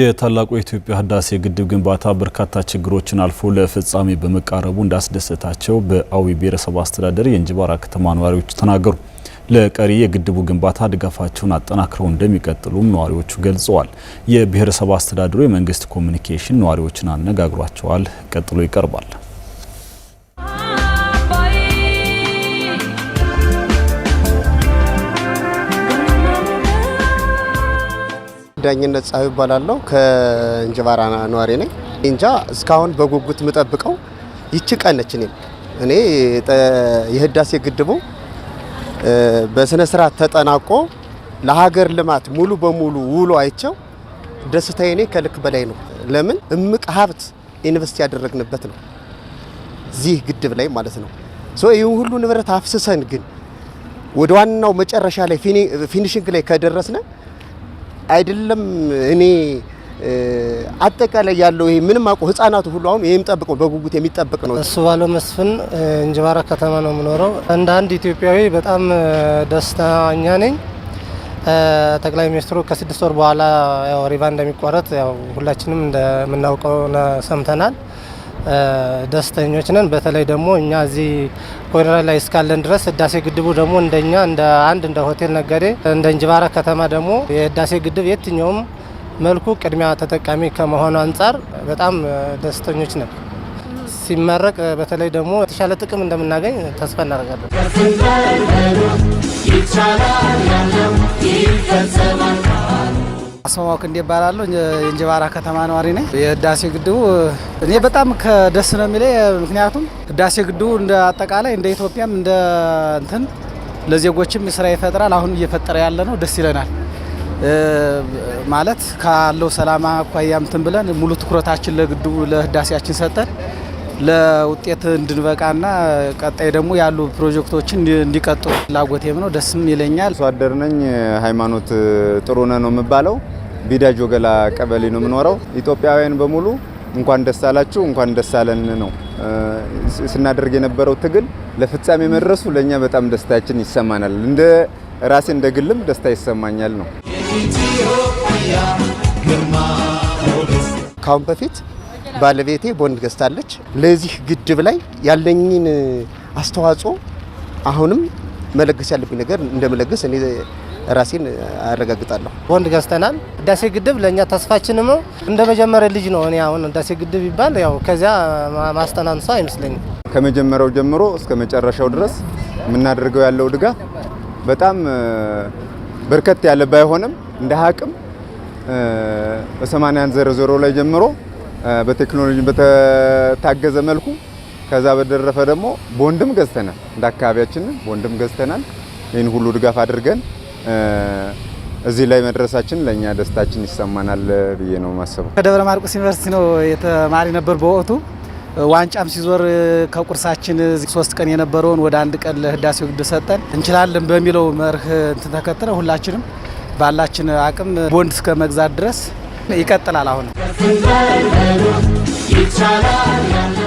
የታላቁ የኢትዮጵያ ህዳሴ ግድብ ግንባታ በርካታ ችግሮችን አልፎ ለፍጻሜ በመቃረቡ እንዳስደሰታቸው በአዊ ብሔረሰብ አስተዳደር የእንጅባራ ከተማ ነዋሪዎች ተናገሩ። ለቀሪ የግድቡ ግንባታ ድጋፋቸውን አጠናክረው እንደሚቀጥሉም ነዋሪዎቹ ገልጸዋል። የብሔረሰብ አስተዳደሩ የመንግስት ኮሚኒኬሽን ነዋሪዎችን አነጋግሯቸዋል። ቀጥሎ ይቀርባል። ዳኝነት ፀሐዩ እባላለሁ። ከእንጅባራ ነዋሪ ነኝ። እንጃ እስካሁን በጉጉት የምጠብቀው ይቺ ቀን ነች። እኔም እኔ የህዳሴ ግድቡ በስነ ስርዓት ተጠናቆ ለሀገር ልማት ሙሉ በሙሉ ውሎ አይቸው ደስታዬ እኔ ከልክ በላይ ነው። ለምን እምቅ ሀብት ኢንቨስት ያደረግንበት ነው እዚህ ግድብ ላይ ማለት ነው። ይህን ሁሉ ንብረት አፍስሰን ግን ወደ ዋናው መጨረሻ ላይ ፊኒሽንግ ላይ ከደረስነ አይደለም እኔ አጠቃላይ ያለው ይሄ ምንም አውቀው ህጻናቱ ሁሉ አሁን ይሄም ጠብቀው በጉጉት የሚጠብቅ ነው። እሱ ባለው መስፍን እንጅባራ ከተማ ነው የምኖረው። እንደ አንድ ኢትዮጵያዊ በጣም ደስተኛ ነኝ። ጠቅላይ ሚኒስትሩ ከስድስት ወር በኋላ ያው ሪቫ እንደሚቋረጥ ያው ሁላችንም እንደምናውቀው ሰምተናል። ደስተኞች ነን። በተለይ ደግሞ እኛ እዚህ ኮሪደር ላይ እስካለን ድረስ ህዳሴ ግድቡ ደግሞ እንደኛ እንደ አንድ እንደ ሆቴል ነጋዴ እንደ እንጅባራ ከተማ ደግሞ የህዳሴ ግድብ የትኛውም መልኩ ቅድሚያ ተጠቃሚ ከመሆኑ አንጻር በጣም ደስተኞች ነን። ሲመረቅ በተለይ ደግሞ የተሻለ ጥቅም እንደምናገኝ ተስፋ እናደርጋለን። አስማማው ክንዴ እባላለሁ። የእንጅባራ ከተማ ነዋሪ ነኝ። የህዳሴ ግድቡ እኔ በጣም ከደስ ነው የሚለኝ ምክንያቱም ህዳሴ ግድቡ እንደ አጠቃላይ እንደ ኢትዮጵያም እንደ እንትን ለዜጎችም ስራ ይፈጥራል። አሁን እየፈጠረ ያለ ነው። ደስ ይለናል ማለት ካለው ሰላም አኳያ እንትን ብለን ሙሉ ትኩረታችን ለግድቡ ለህዳሴያችን ሰጠን ለውጤት እንድንበቃና ቀጣይ ደግሞ ያሉ ፕሮጀክቶችን እንዲቀጥሉ ፍላጎቴም ነው። ደስም ይለኛል። አርሶ አደር ነኝ። ሃይማኖት ጥሩነህ ነው የምባለው። ቢዳጅ ወገላ ቀበሌ ነው የምኖረው። ኢትዮጵያውያን በሙሉ እንኳን ደስ አላችሁ፣ እንኳን ደስ አለን ነው ስናደርግ የነበረው ትግል ለፍጻሜ መድረሱ ለእኛ በጣም ደስታችን ይሰማናል። እንደ ራሴ እንደ ግልም ደስታ ይሰማኛል ነው ካሁን በፊት ባለቤቴ ቦንድ ገዝታለች። ለዚህ ግድብ ላይ ያለኝን አስተዋጽኦ አሁንም መለገስ ያለብኝ ነገር እንደመለገስ እኔ ራሴን አረጋግጣለሁ። ቦንድ ገዝተናል። ህዳሴ ግድብ ለእኛ ተስፋችንም ነው። እንደ መጀመሪያ ልጅ ነው። እኔ አሁን ህዳሴ ግድብ ይባል ያው ከዚያ ማስተናንሷ አይመስለኝም። ከመጀመሪያው ጀምሮ እስከ መጨረሻው ድረስ የምናደርገው ያለው ድጋፍ በጣም በርከት ያለ ባይሆንም እንደ አቅም በ8100 ላይ ጀምሮ በቴክኖሎጂ በተታገዘ መልኩ ከዛ በደረፈ ደግሞ ቦንድም ገዝተናል፣ እንደ አካባቢያችንን በወንድም ገዝተናል። ይህን ሁሉ ድጋፍ አድርገን እዚህ ላይ መድረሳችን ለእኛ ደስታችን ይሰማናል ብዬ ነው ማሰበው። ከደብረ ማርቆስ ዩኒቨርሲቲ ነው የተማሪ ነበር በወቅቱ ዋንጫም ሲዞር ከቁርሳችን ሶስት ቀን የነበረውን ወደ አንድ ቀን ለህዳሴው ግድብ ሰጠን። እንችላለን በሚለው መርህ እንትን ተከትለ ሁላችንም ባላችን አቅም ቦንድ እስከ መግዛት ድረስ ይቀጥላል አሁን 같은 발대로 이차라면